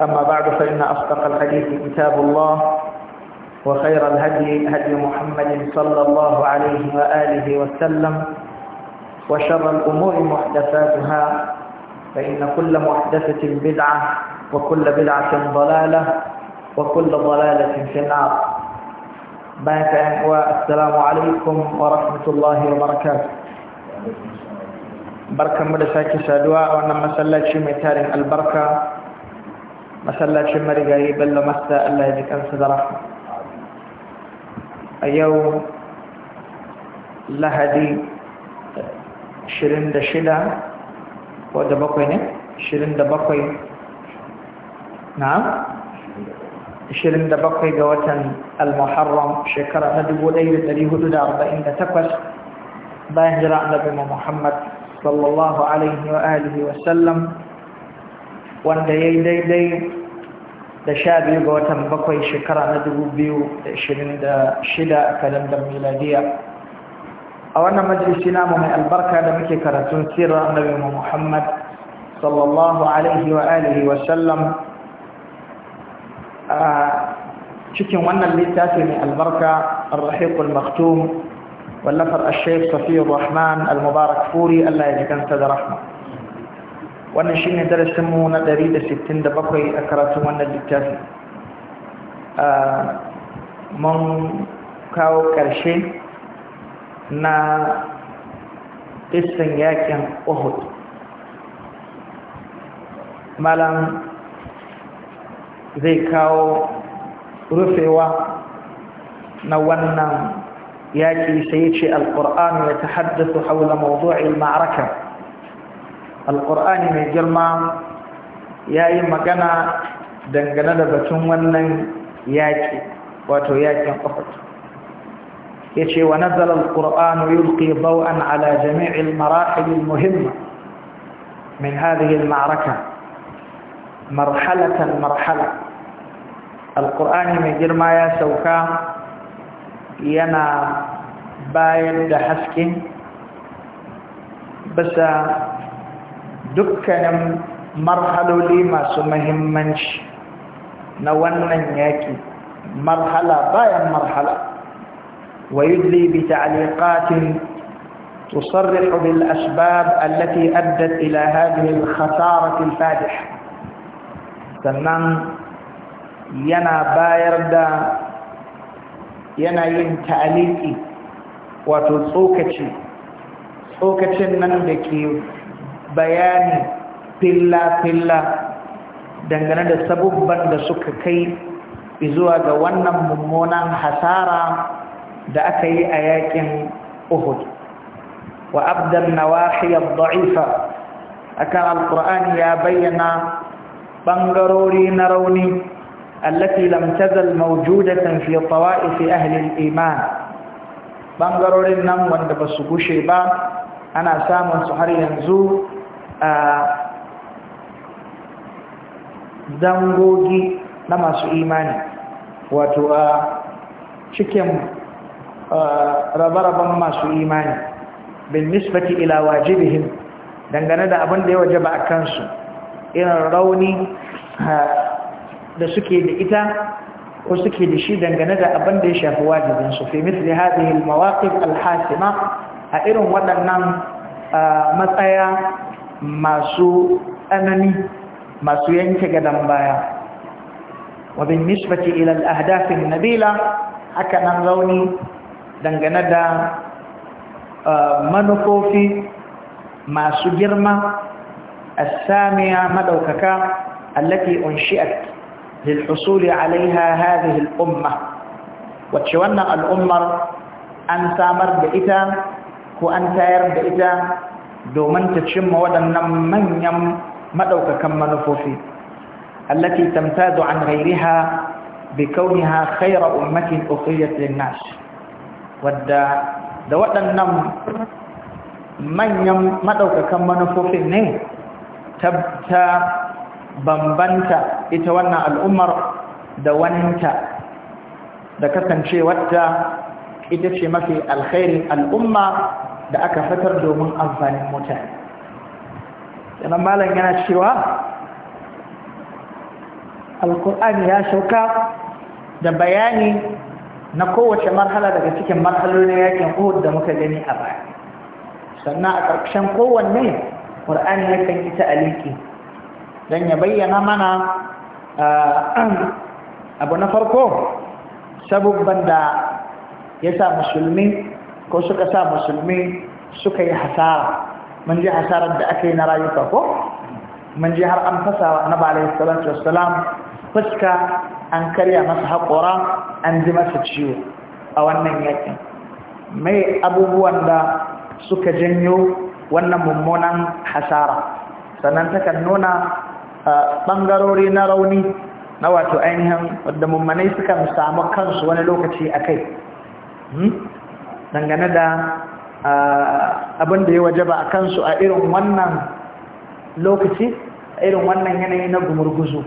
أما بعد فإن أصدق الحديث كتاب الله وخير الهدي هدي محمد صلى الله عليه وآله وسلم وشر الأمور محدثاتها فإن كل محدثة بدعة وكل بدعة ضلالة وكل ضلالة في النار بارك والسلام عليكم ورحمة الله وبركاته بركة مدساكي سادواء ونما سلاتي ميتارين البركة مثلا شمري قريب لو مسا الله يجيك ان صدره ايو لا هدي شرين ده شلا وده بقوي نه شرين ده بقوي نعم شرين ده بقوي جواتن المحرم شكرا ندبو ليه تري هدود أربعين ده تقوش باهجر النبي محمد صلى الله عليه وآله وسلم wanda ya yi daidai da sha biyu ga watan bakwai shekara na dubu biyu da ishirin da shida a kalandar miladiya a wannan majalisi namu mai albarka da muke karatun sirar annabi muhammad sallallahu alaihi wa alihi wa sallam a cikin wannan littafi mai albarka arrahiqul maktum wallafar al-shaykh rahman al-mubarak furi Allah ya jikansa da rahma wannan shi ne darasinmu na 167 a karatun wannan littafi mun kawo ƙarshe na isin yakin uhud malam zai kawo rufewa na wannan yaƙi sai ce alƙur'an ya ta haddasa haula mawdu'il ma'araka القرآن من جلما ياي مكانا دنگنا دا بطن ونن ياكي واتو ياكي انقفت يشي ونزل القرآن يلقي ضوءا على جميع المراحل المهمة من هذه المعركة مرحلة مرحلة القرآن من جلما يا سوكا ينا باين دحسكي بس dukkanin marhaloli masu mahimmanci na wannan yaki marhala bayan marhala wa yudli bi ta'liqatin tusarrihu bil asbab allati addat ila hadhihi al khasarati al fadih sannan yana bayar da yana yin ta'liqi wato tsokaci tsokacin nan da ke bayani filla-filla dangane da sabubban da suka kai izuwa ga wannan mummunan hasara da aka yi a yakin Uhud wa abdan na ad-da'ifa akan alqur'ani ya bayyana ɓangarori na rauni allafi lamtazal tazal mawjudatan fi tawa'if iman Ɓangarorin nan wanda basu gushe ba ana samun su har yanzu zangogi na masu imani wato a cikin rabaraban masu imani bin nisbati ila wajibihim dangane da abin da ya waje ba a kansu irin rauni da suke da ita ko suke da shi dangane da abin da ya shafi wajibinsu fi misli hadhihi mawaqif a irin waɗannan matsaya masu tsanani masu yanke gadon baya wabin nishbati ilal ahadafin nabila haka nan rauni dangane da uh, manufofi masu girma a samiya maɗaukaka allake unshi'ar lilhusuli alaiha hadhihi umma. Wace wannan al'ummar an samar da ita ko an tayar da ita domin ta cimma waɗannan manyan maɗaukakan manufofi allati tamtadu an ghairiha bi kauniha khayra ummatin ukhrijat lin-nas wadda da waɗannan manyan maɗaukakan manufofin ne ta bambanta ita wannan al'ummar da waninta da kasancewarta ita ce mafi alkhairin al'umma da aka fitar domin amfanin mutane yana malam yana cewa alkur'ani ya sauka da bayani na kowace marhala daga cikin marhalolin yakin uhud da muka gani a baya sannan a ƙarshen kowanne ƙur'ani yakan yi ta aliki don ya bayyana mana ah, abu na farko sabubban da ya sa musulmi ko suka sa musulmi suka yi hasara mun ji hasarar da aka yi na rayuka ko mun ji har an fasa na ba alaihi salatu fuska an karya masa haƙora an ji masa ciwo a wannan yakin mai abubuwan da suka janyo wannan mummunan hasara sannan takan nuna ɓangarori na rauni na wato ainihin wadda mummanai suka samu kansu wani lokaci a kai hmm? dangane da abin da ya waje ba a kansu a irin wannan lokaci a irin wannan yanayi na gumurguzu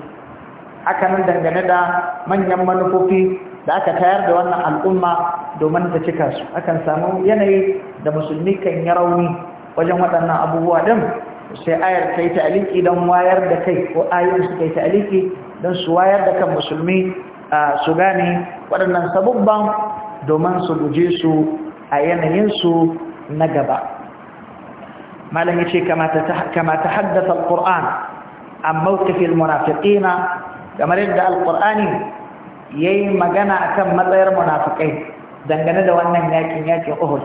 haka dangane da manyan manufofi da aka tayar da wannan al'umma domin ta cika su akan samu yanayi da musulmi kan yi rauni wajen waɗannan abubuwa ɗin sai ayar ta yi ta'aliki don wayar da kai ko ayin su ta yi ta'aliki don su wayar da kan musulmi su gane waɗannan sabubban domin su guje su a yanayinsu na gaba malam ya ce kama ta haddasa al'ur'an a mawukafin munafiƙina kamar yadda ƙurani ya yi magana a kan matsayar munafiƙai dangane da wannan yakin yakin uhud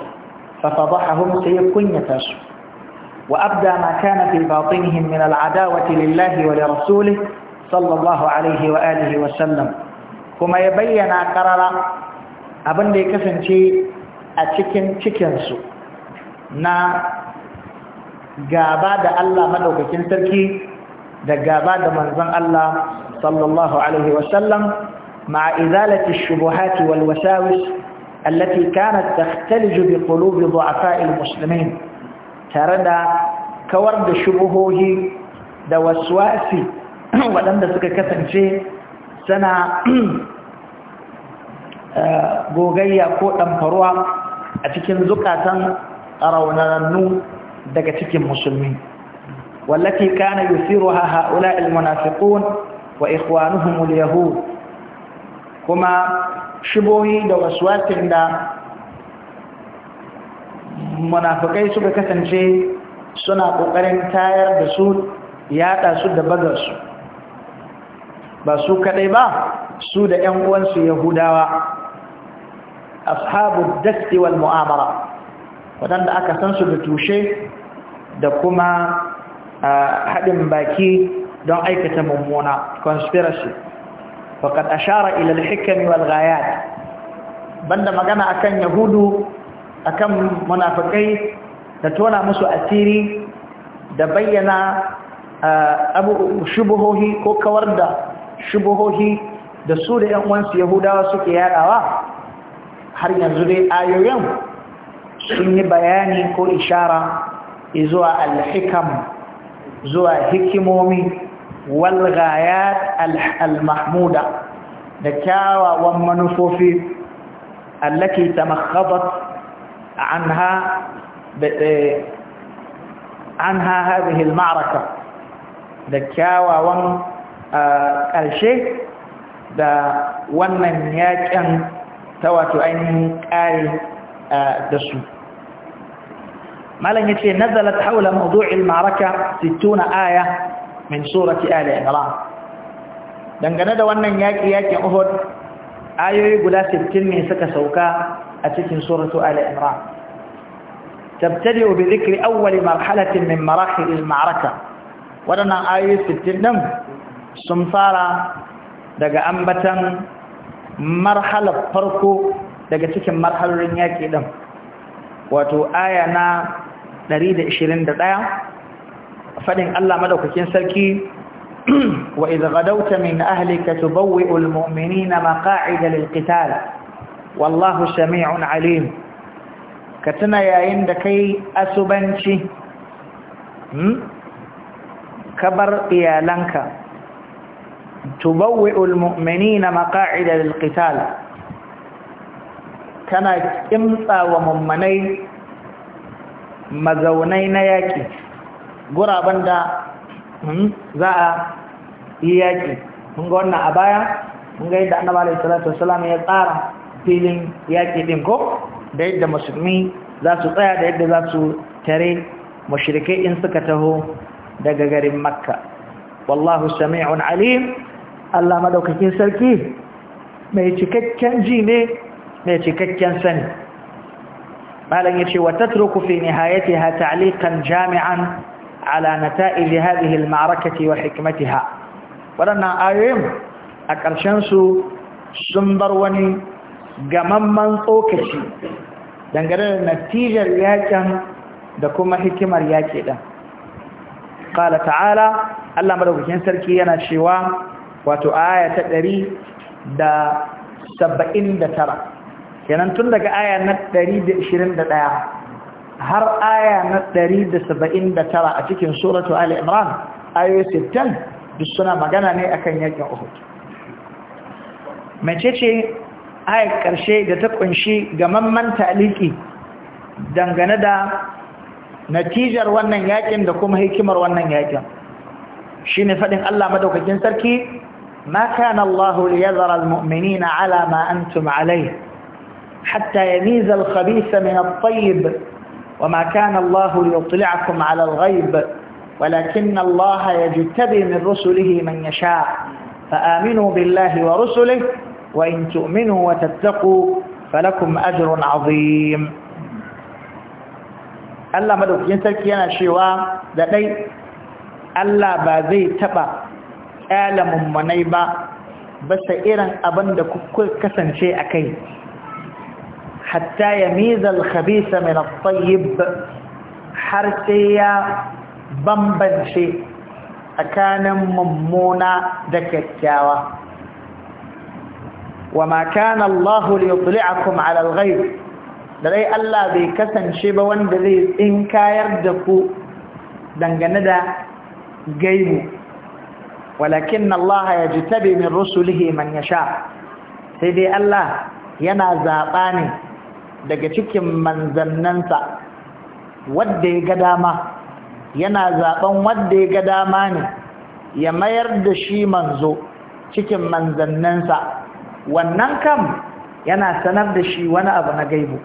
ففضحهم سيكون يتاسو وأبدى ما كان في باطنهم من العداوة لله ولرسوله صلى الله عليه وآله وسلم كما يبين قرر أبن دي كسنتي a cikin cikinsu na gaba da Allah maɗaukakin sarki da gaba da manzon Allah sallallahu alaihi wasallam ma'a izalati shubuhati wal wasawis allati kanat takhtalijo bi qulubi du'afa'il muslimin tare da kawar da shubuhohi da waswasi waɗanda suka kasance sana eh, gogayya ko ɗanfarwa a cikin zukatan raunarannu daga cikin musulmi Wallafi kana ha haula ilmunafikun wa ikwanuhun alyahud kuma shibohi da waswasin da munafikai suka kasance suna ƙoƙarin tayar da su yada su da bagarsu. ba su kadai ba su da yan uwansu yahudawa ashabu dasti wal mu'amara waɗanda aka san su da tushe da kuma haɗin baki don aikata mummuna conspiracy faqad ashara ila al-hikam wal ghayat banda magana akan yahudu akan munafikai da tona musu asiri da bayyana abu shubuhohi ko kawar da shubuhohi da su da 'yan uwansu yahudawa suke yadawa har yanzu dai ayoyin sun yi bayani ko ishara zuwa alhikam zuwa hikimomi walgayat al-mahmuda da kyawawan manufofi allaki tamakhadat anha anha hadhihi al-ma'raka da kyawawan ƙarshe da wannan yaƙin ta wato ainihin ƙare da su malam yace nazalat haula mawdu'il ma'araka 60 aya min surati ali imran dangane da wannan yaƙi-yaƙi yakin uhud ayoyi guda 60 ne suka sauka a cikin suratu ali imran tabtadi obi dhikri awali marhalatin min marahil al-ma'araka wadannan ayoyi 60 din sun fara daga ambatan marhalar farko daga cikin marhalorin yaƙi ɗin wato aya na 121 faɗin Allah madaukakin sarki wa idh gadawta min ahlika tubawwi'u almu'minina maqa'ida lilqital wallahu samii'un 'alim ka tuna yayin da kai asubanci hmm? kabar iyalanka تبوئ المؤمنين مقاعد للقتال tana kimtsa wa mummanai mazaunai na yaƙi guraben da za a yi yaƙi mun ga wannan a baya mun ga yadda annaba alaihi salatu wasalam ya tsara filin yaƙi din ko da yadda musulmi za su tsaya da yadda za su tare mushrikai in suka taho daga garin makka wallahu sami'un alim Allah madaukakin sarki mai cikakken ji ne mai cikakken sani malam yace wa tatruku fi ha ta'liqan jami'an ala nata'ij hadhihi al-ma'arakati wa ha. wadannan ayoyin a ƙarshen su sun bar wani gamamman tsokaci dangane da natijar yakin da kuma hikimar yaki ɗan qala ta'ala Allah maɗaukakin sarki yana cewa wato aya ta ɗari da saba'in da tara kenan tun daga aya na ɗari da ishirin da ɗaya har aya na ɗari da saba'in da tara a cikin suratu ali imran ayoyi sittan duk suna magana ne akan yakin uhud mace ce ayar ƙarshe da ta ƙunshi gamamman taliki dangane da natijar wannan yakin da kuma hikimar wannan yakin shi ne faɗin Allah madaukakin sarki ما كان الله ليذر المؤمنين على ما أنتم عليه حتى يميز الخبيث من الطيب وما كان الله ليطلعكم على الغيب ولكن الله يجتبي من رسله من يشاء فآمنوا بالله ورسله وإن تؤمنوا وتتقوا فلكم أجر عظيم ألا madaukakin sarki yana cewa da dai Allah ba kyala mummanai ba basa irin abin da kuka kasance a kai hatta ya mizal khabisa min at-tayyib har sai ya bambance tsakanin mummuna da kyakkyawa وما كان الله ليطلعكم على الغيب da dai Allah bai kasance ba wanda zai tsinkayar da ku dangane da gaibu walakin Allah ya ji tabi min rusulihi man ya sha sai dai Allah yana zaɓa ne daga cikin manzannansa wadda ya ga dama yana zaɓen wadda ya ga dama ne ya mayar da shi manzo cikin manzannansa wannan kam yana sanar da shi wani abu na gaibu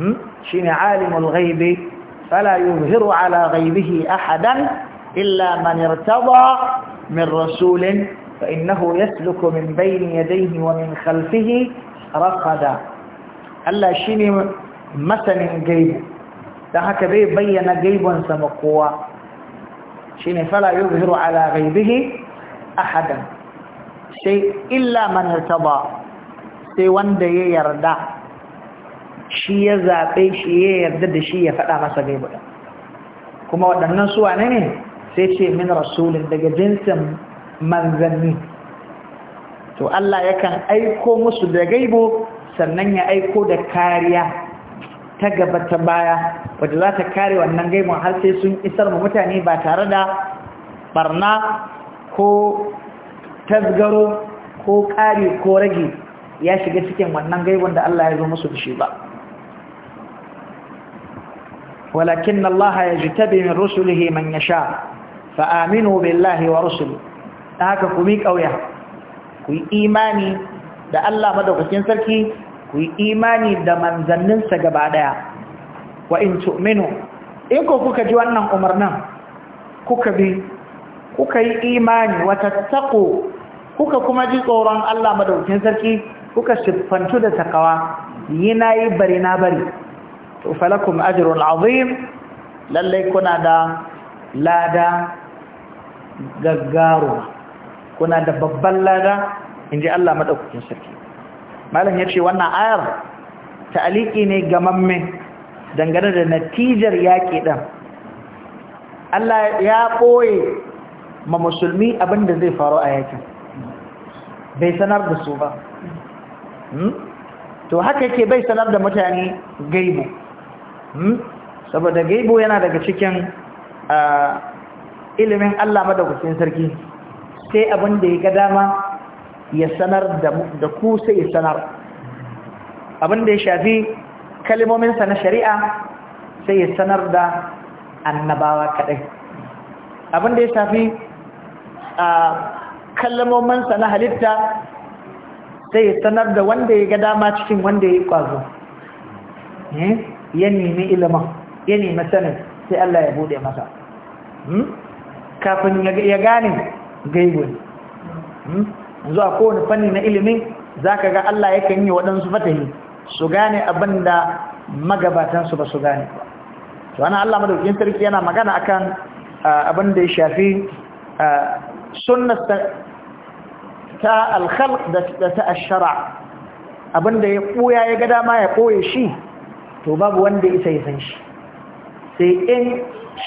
hmm? shi ne alimul gaibe fala yuzhiru ala gaibihi ahadan illa man irtada من رسول فإنه يسلك من بين يديه ومن خلفه رقدا ألا شيني مثل جيب تحك بي بيّن جيب سمقوا شيني فلا يظهر على غيبه أحدا شيء إلا من ارتضى سي وند يردع شي يزابي شي يردد شي يفتع مثل جيب كما ودنا سوى نيني sai ce min rasulin daga jinsin manzanni to Allah yakan aiko musu da gaibo sannan ya aiko da kariya ta gaba ta baya wadda za ta kare wannan gaibon har sai sun isar mu mutane ba tare da barna ko tasgaro ko kare ko rage ya shiga cikin wannan gaibon da Allah ya zo musu da shi ba walakin Allah ya من min من يشاء sha. fa aminu billahi wa rusuli dan haka ku mi kauya ku yi imani da Allah madaukakin sarki ku yi imani da manzanninsa gaba daya wa in tu'minu in ko kuka ji wannan umarnin kuka bi kuka yi imani wa tattaqu kuka kuma ji tsoron Allah madaukakin sarki kuka siffantu da takawa yana yi bari na bari to falakum ajrun azim lalle kuna da lada gaggaruwa kuna da babban lada in ji Allah maɗaukakin sarki malam ya ce wannan ayar ta'aliki ne ga mamme, dangane da natijar yaƙi ɗan Allah ya ɓoye ma musulmi abinda zai faru a yakin bai sanar da su ba hmm? to haka yake bai sanar da mutane gaibu hmm? saboda gaibu yana daga cikin ah, ilimin Allah madaukakin sarki sai abin da ya ga dama ya sanar da ku sai ya sanar abin da ya shafi sa na shari'a sai ya sanar da annabawa kaɗai abin da ya shafi a sa na halitta sai ya sanar da wanda ya ga dama cikin wanda ya yi ƙwazo hmm? ya nemi ilimin ya nemi sanin sai Allah ya buɗe masa hmm? kafin ya gane gaibun hmm? zuwa kowane fanni na ilimin ka ga Allah yakan yi waɗansu fatahi su gane abin da magabatansu ba su gane ba to ana Allah madaukin sarki yana magana akan abin da ya shafi sunnar ta alkhalq da ta ashara abin da ya ɓoya ya ga dama ya ɓoye shi to babu wanda isa ya san shi sai in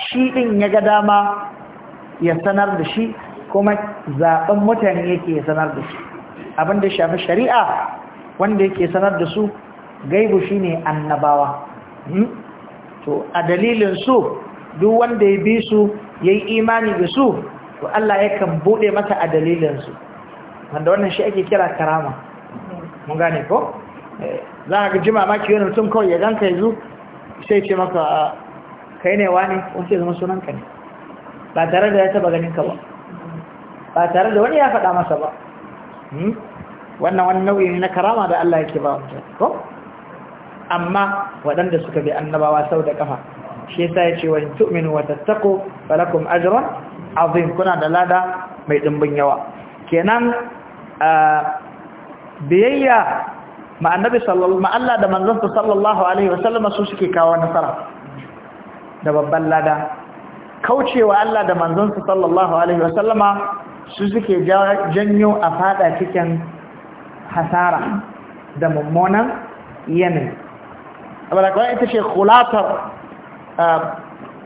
shi din ya ga dama ya sanar da shi kuma zaben mutane yake ya sanar da shi abin da shafi shari'a wanda yake sanar da su gaibu shine annabawa hmm? to a dalilin su duk wanda ya bi su yayi imani da su to Allah yakan bude mata a dalilin su wanda wannan shi ake kira karama mun gane ko eh, za ka ji mamaki wani mutum kawai ya ganka yanzu sai ce maka kai ne wani wancan zama sunanka ne ba tare da ya taba ganin ka ba ba tare da wani ya faɗa masa ba hmm? wannan wani nau'i na karama da Allah yake ba mutum ko amma waɗanda suka bi annabawa sau da ƙafa. shi yasa ya ce wani tu'minu wa tattaku falakum ajran azim kuna da lada mai dimbin yawa kenan biyayya ma annabi sallallahu ma da manzon sallallahu alaihi wasallam su suke kawo nasara da babban lada kaucewa Allah da manzonsa sallallahu alaihi wasallama su suke janyo a fada cikin hasara da mummunan yanayi abada kawai ita ce kulatar ah,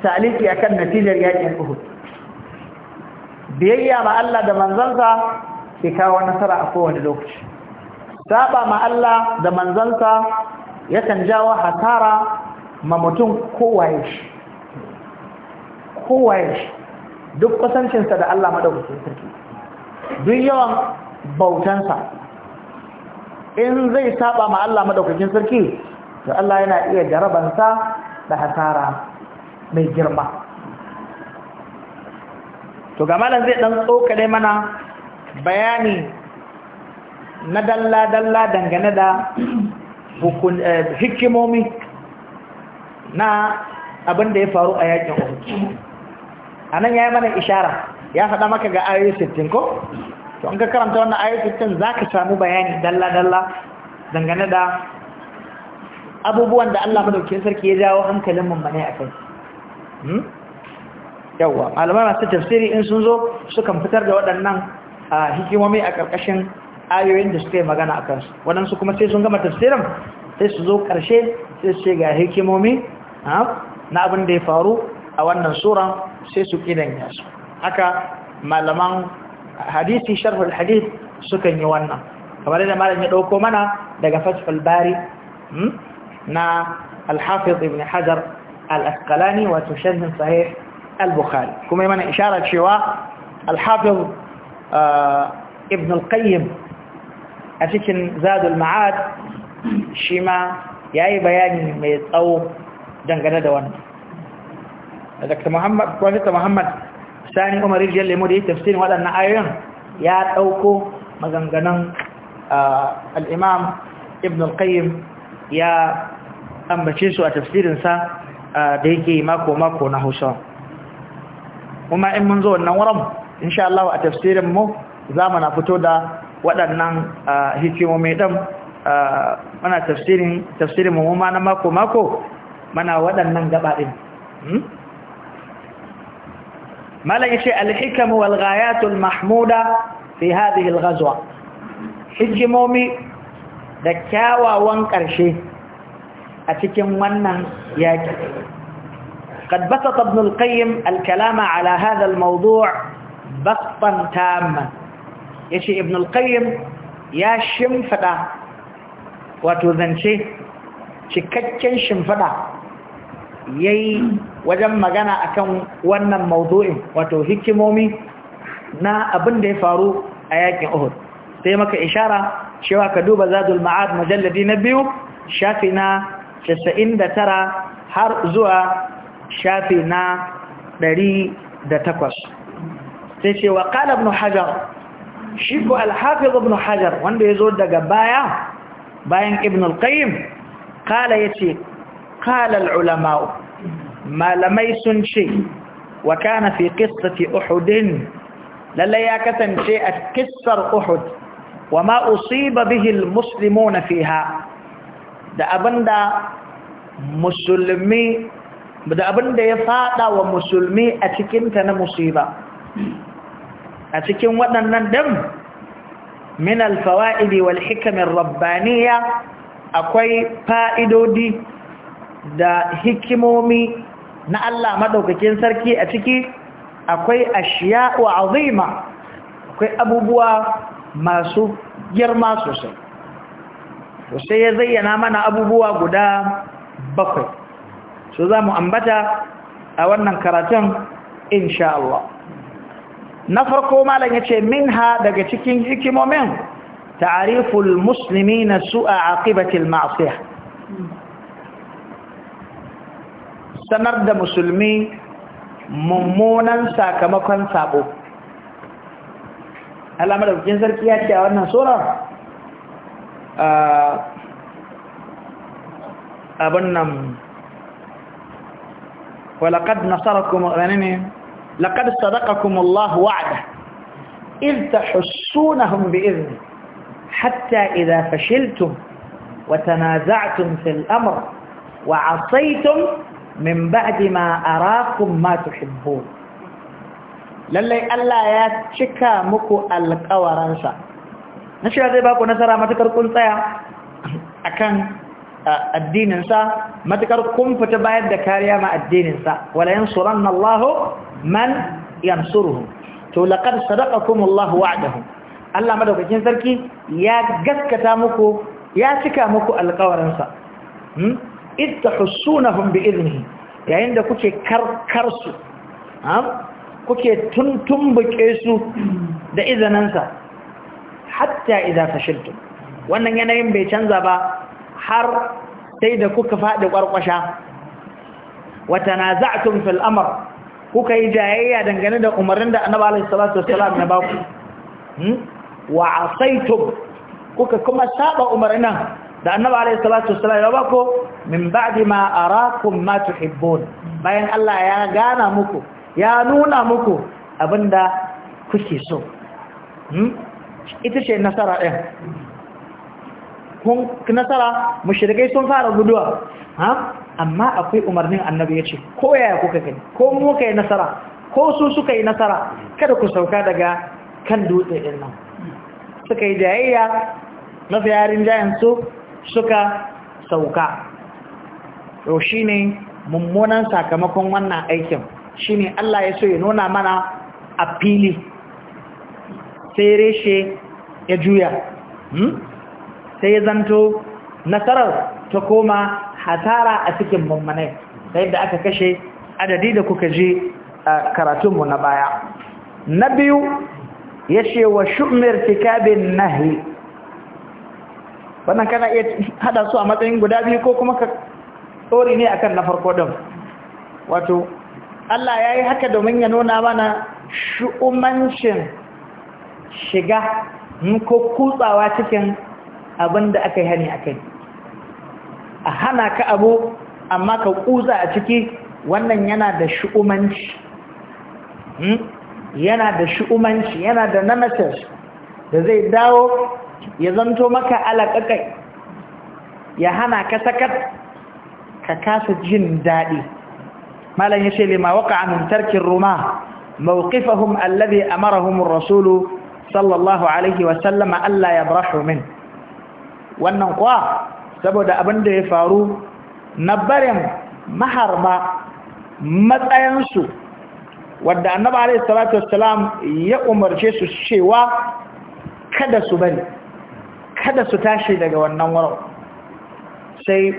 ta'aliki akan natijar yakin uhud biyayya ma Allah da manzansa ke kawo nasara a kowane lokaci saba ma Allah da manzansa yakan jawo hasara ma mutum kowaye shi kowaye duk kusancinsa da Allah maɗaukacin sarki duk yawan bautansa in zai saba ma Allah maɗaukacin sarki to Allah yana iya jarabansa da hasara mai girma to ga malam zai ɗan tsokale mana bayani na dalla-dalla dangane da eh, hikimomi na abin da ya faru a yakin uhud a nan ya yi mana ishara ya faɗa maka ga ayoyi sittin ko? to an ka karanta wannan ayoyi sittin za ka samu bayani dalla-dalla dangane da abubuwan da Allah madaukin sarki ya jawo hankalin mummane a kai hmm? yawwa malamai masu tafsiri in sun zo sukan fitar da waɗannan hikimomi a ƙarƙashin ayoyin da suka yi magana a kansu waɗansu kuma sai sun gama tafsirin sai su zo ƙarshe sai su ce ga hikimomi na abin da ya faru a wannan sura sai su kidanya yasu haka malaman hadisi sharhul hadith sukan yi wannan kamar da malamin ya dauko mana daga fathul bari hmm, na al ibn hajar al-asqalani wa tusharh sahih al-bukhari kuma mana isharar cewa al-hafiz eh, ibn al a cikin zadul ma'ad shi ma yayi bayani mai tsawo dangane da wannan Dr. Muhammad Professor Muhammad Sani Umar Rijal Lemo da ya tafsirin waɗannan ayoyin ya ɗauko maganganun Al'imam Ibn al-Qayyim ya ambace su a tafsirinsa da yake mako mako na Hausa kuma in mun zo wannan wurin insha Allah a tafsirin mu za mu na fito da waɗannan hikimomi ɗan, mana tafsirin tafsirin mu ma na mako mako mana waɗannan gaba din hmm? ما لا يشيء الحكم والغايات المحمودة في هذه الغزوة حجي مومي kyawawan وانكرشي أتكم cikin wannan قد بسط ابن القيم الكلام على هذا الموضوع بسطا تاما يشي ابن القيم يا شمفدا وتوزنشي شكتشن شمفدا يي wajen magana akan wannan mawdu'in wato hikimomi na abin da ya faru a yakin Uhud sai maka ishara cewa ka duba Zadul Ma'ad mujalladi na biyu shafi na 99 har zuwa shafi na 108 sai ce wa qala ibn Hajar shi ko al-Hafiz ibn Hajar wanda yazo daga baya bayan Ibn al-Qayyim qala yace qala al-ulama malamai sun ce wa kana fi qissati uhudin lalle ya kasance a kissar uhud wa ma usiba bihi almuslimuna fiha da abinda musulmi da abinda ya fada wa musulmi a cikin ta na musiba a cikin waɗannan din min alfawaid wal hikam akwai fa'idodi da hikimomi na Allah madaukakin sarki a ciki akwai ashiya'u azima akwai abubuwa masu girma sosai sai ya zayyana mana abubuwa guda bakwai su za mu ambata a wannan karatun insha Allah na farko malam yace minha daga cikin hikimomin na su a aqibatil ma'siyah sanar da musulmi mummunan sakamakon sabo alamar bukin sarki ya ce a wannan tsoron abin nan ولقد نصركم غنين لقد صدقكم الله وعده إذ تحسونهم بإذنه حتى إذا فشلتم وتنازعتم في الأمر وعصيتم min ba'di ma arakum ma tuhibbun lallai Allah ya cika muku alƙawaransa na shi zai baku nasara matukar kun tsaya akan addininsa matukar kun fita bayar da kariya ma addininsa wala yansuranna Allah man yansuruhu to laqad sadaqakum Allah wa'dahu Allah madaukakin sarki ya gaskata muku ya cika muku alƙawarinsa hmm? id tahsunahum bi idnihi yayin da kuke karkar su kuke tuntumbuke su da izaninsa hatta idza fashiltum wannan yanayin bai canza ba har sai da kuka fadi kwarkwasha wata na za'atun fil'amar kuka yi jayayya dangane da umarnin da annaba alaihissalatu wassalam na baku wa asaitum kuka kuma saba umarnin da annabi alayhi salatu wassalam ya bako min ba'di ma arakum ma tuhibbun bayan Allah ya gana muku ya nuna muku abinda kuke so hmm? ita ce nasara ɗin kun nasara mushrikai sun fara guduwa ha amma akwai umarnin annabi yace ko yaya kuka kai ko mu kai nasara ko su suka yi nasara kada ku sauka daga kan dutse din nan suka yi jayayya mafi yarin su. suka sauka to shine mummunan sakamakon wannan aikin shine Allah ya so ya nuna mana a fili sai reshe ya juya hmm? sai ya zanto nasarar ta koma hasara a cikin mummunai da aka kashe adadi da kuka je a karatunmu na baya na biyu ya ce wa shumir nahi wannan kana iya hada su a matsayin guda biyu ko kuma ka tsori ne akan na farko din wato Allah ya yi haka domin ya nuna mana shu'umancin shiga ko kutsawa cikin abin da aka yi hani a kai a hana ka abu amma ka kutsa a ciki wannan yana da shu'umanci hmm? yana da shu'umanci yana da nanatar da zai dawo ya zanto maka alaƙaƙai ya hana ka sakat ka kasa jin daɗi malam ya ce lima waka amin tarkin ruma mawqifahum alladhi amarahum rasulu sallallahu alaihi wasallama Allah ya barahu wannan kuwa saboda abin da ya faru na barin maharba matsayansu wadda annaba alaihi salatu wassalam ya umarce su cewa kada su bari kada su tashi daga wannan wurin sai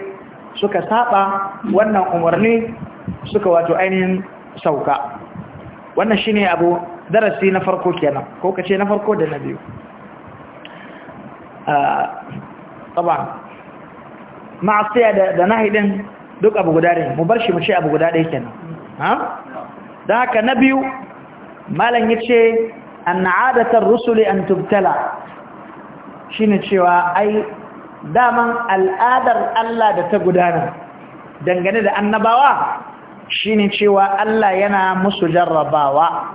suka saba wannan umarni suka wato ainihin sauka wannan shine abu darasi na farko kenan ko kace na farko da na biyu ah, a معصيه da da nahi din duk abu guda ne mu bar shi mu ce abu guda ɗaya kenan ha da haka na biyu malam yace an adatar rusuli an tubtala shine cewa ai daman al'adar Allah da ta gudana dangane da annabawa Shin cewa Allah yana musu jarrabawa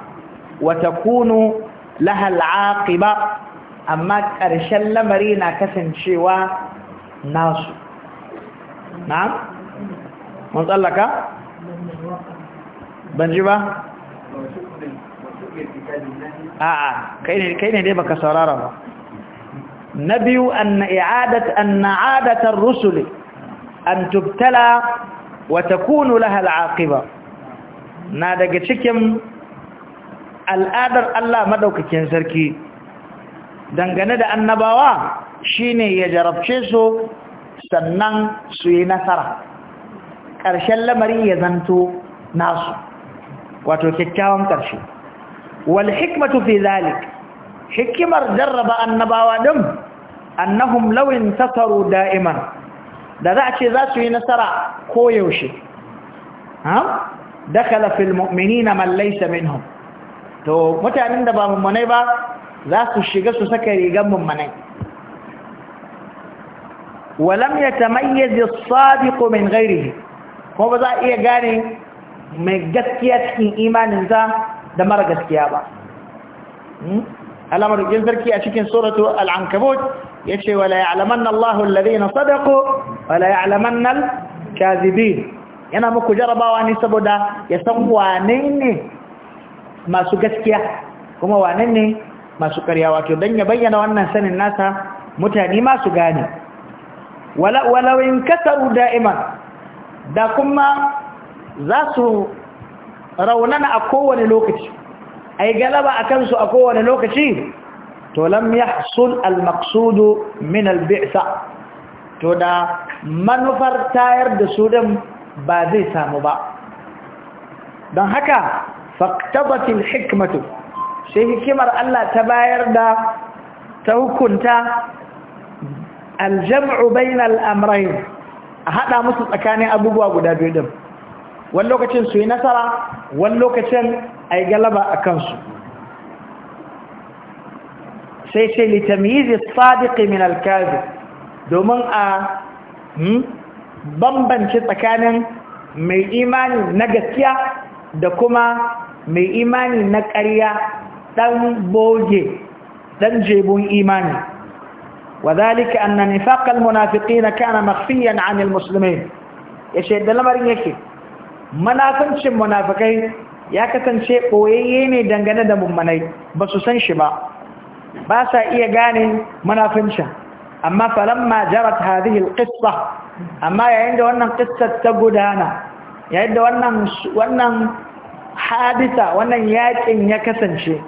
wata kunu, lahal al'aqiba amma ƙarshen lamari na kasancewa nasu na? mun tsallaka? ban ji ba? a'a kai ne dai baka saurara ba na biyu an na'adatar rusuli an tubtala wa takunu laha al'aqiba na daga cikin al'adar Allah madaukakin sarki dangane da annabawa shine ya jarabce su sannan su yi nasara ƙarshen lamari ya zanto nasu wato kyakkyawan ƙarshe wal hikmatu fi zalik hikimar jarraba annabawa ɗin, annahum law intasaru da'iman da za a ce za su yi nasara koyaushe ha dakala fil mu'minina man minhum to mutanen da ba mummunai ba za su shiga su saka rigar mummunai walam yatamayyiz as-sadiq min ghayrihi ko ba za a iya gane mai gaskiya cikin imanin za da mara gaskiya ba hmm? Allah madaukin sarki a cikin suratu al-ankabut yace wala ya'lamanna Allahu alladhina sadaqu wala ya'lamanna al-kadhibin yana muku jarabawa saboda ya san wane ne masu gaskiya kuma wane ne masu ƙarya wato dan ya bayyana wannan sanin nasa mutane ma su gane wala walaw in kasaru da'ima da kuma za su raunana a kowane lokaci ai galaba a kansu a kowane lokaci to lam yahsul al maqsud min al-bi'sa to da manufar tayar da su dan ba zai samu ba dan haka al hikmatu sai hikimar Allah ta bayar da ta hukunta aljam'u bainal amrayn a hada musu tsakanin abubuwa guda biyu din wani lokacin su yi nasara wani lokacin a yi galaba a kansu sai ce litamizi sadiqi min alkazi domin a hmm, bambance tsakanin mai imani na gaskiya da kuma mai imani na ƙarya ɗan boge ɗan jebun imani وذلك أن نفاق المنافقين كان مخفيا عن المسلمين يشهد لمرين يكي munafircin munafikai ya kasance ɓoyayye ne dangane da mummanai ba su san shi ba ba sa iya gane munafincin amma falamma jarat hadhihi alqissa amma yayin da wannan qissa ta gudana yayin da wannan wannan hadisa wannan yakin ya kasance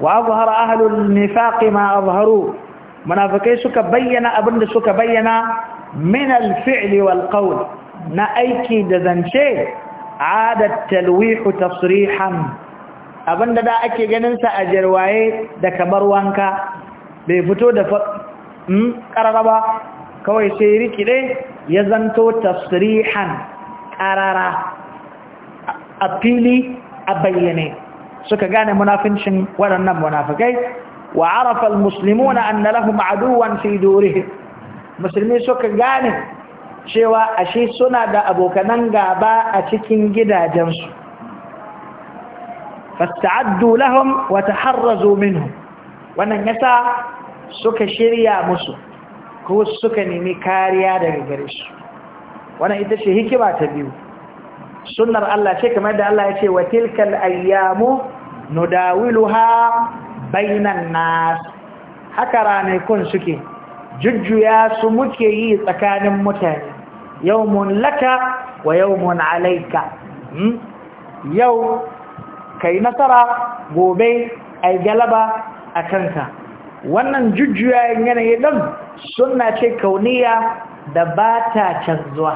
wa azhara ahlul nifaq ma azharu munafikai suka bayyana abinda suka bayyana min alfi'li wal na aiki da zance adat talwihu tasrihan abinda da ake ganin sa a jarwaye da kamar wanka bai fito da kararaba hmm, kawai sai rikide ya zanto tasrihan karara a fili a bayyane suka gane munafincin waɗannan munafikai wa arafa almuslimuna anna lahum aduwan fi durihim musulmi suka gane cewa ashe suna da abokanan gaba a cikin gidajensu fasta'addu lahum wa taharrazu minhum wannan yasa suka shirya musu ko suka nemi kariya daga gare su wannan ita ce hikima ta biyu sunnar Allah ce kamar da Allah ya ce wa tilkal ayyamu nudawiluha bainan nas haka ranakun suke jujjuya su muke yi tsakanin mutane yawmun laka wa yawmun alayka hmm? yau kai nasara gobe ai galaba a kanka wannan jujjuyayen yanayi din sunna ce kauniya da ba ta canzuwa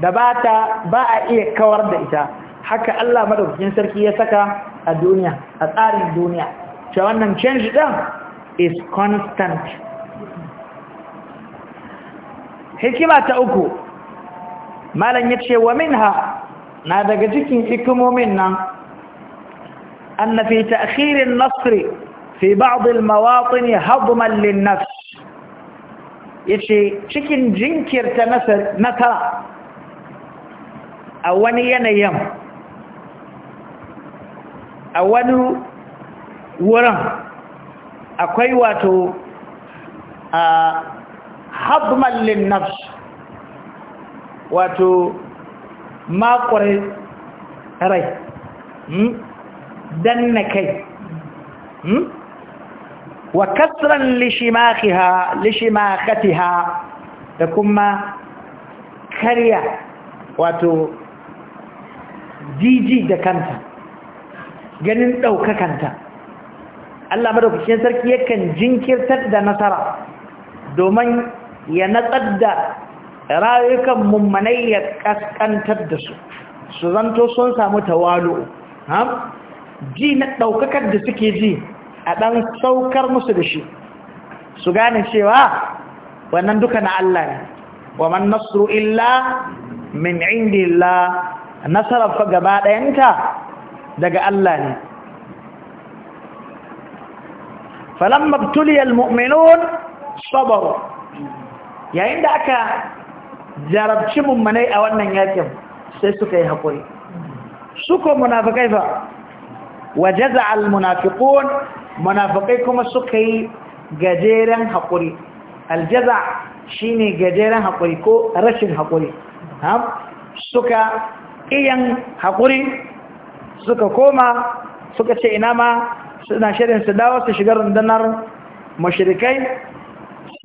da ba ta ba a iya kawar da ita haka Allah madaukakin sarki ya saka a duniya a tsarin duniya cewa wannan change din is constant hikima ta uku malam ya ce wa minha na daga cikin hikimomin nan Annafi, fi ta'khir an-nasr fi ba'd al-mawatin hadman lin yace cikin jinkirta nasar a wani yanayin a wani wurin akwai wato a hadman lin nafs wato makure rai hmm? danna kai hmm? wa kasran lishimakiha lishimakatiha da kuma karya wato jiji da kanta ganin ɗaukakanta Allah madaukakin sarki yakan jinkirtar da nasara domin ya natsar da rayukan mummanai ya kaskantar da su su zanto sun samu tawalu ji na ɗaukakar da suke ji a ɗan saukar musu da shi su gane cewa wannan duka na Allah ne wa man nasru illa min indillah nasarar fa gaba ɗayanta daga Allah ne falamma btuliyal mu'minun sabaru yayin da aka jarabci mummanai a wannan yakin sai suka yi haƙuri suko munafikai fa wa jaza'al munafiqun munafikai kuma suka yi gajeren haƙuri aljaza shine gajeren hakuri ko rashin haƙuri suka iyan haƙuri suka koma suka ce ina ma suna shirin su dawo su shiga rundunar mashirikai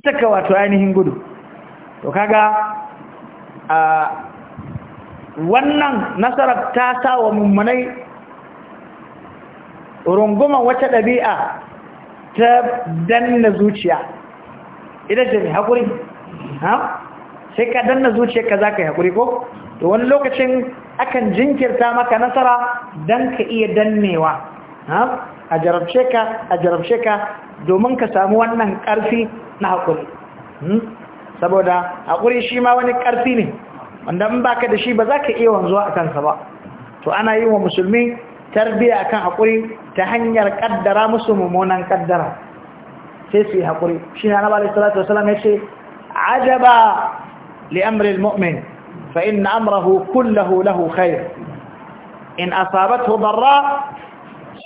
suka wato ainihin gudu to kaga a wannan nasarar ta sa wa mummunai runguman wata ɗabi'a ta danna zuciya ita ce mai haƙuri ha sai ka danna zuciya ka za ka yi haƙuri ko to wani lokacin akan jinkirta maka nasara don ka iya dannewa ha a jarabce ka a jarabce ka domin ka samu wannan ƙarfi na haƙuri hmm? saboda hakuri shi ma wani karfi ne wanda in baka da shi ba za ka iya wanzuwa a kansa ba to ana yi wa musulmi tarbiya akan hakuri ta hanyar kaddara musu mummunan kaddara sai su yi hakuri shi ne annabi alaihi salatu wasallam ya ce ajaba li amri almu'min fa in amrahu kullahu lahu khair in asabathu darra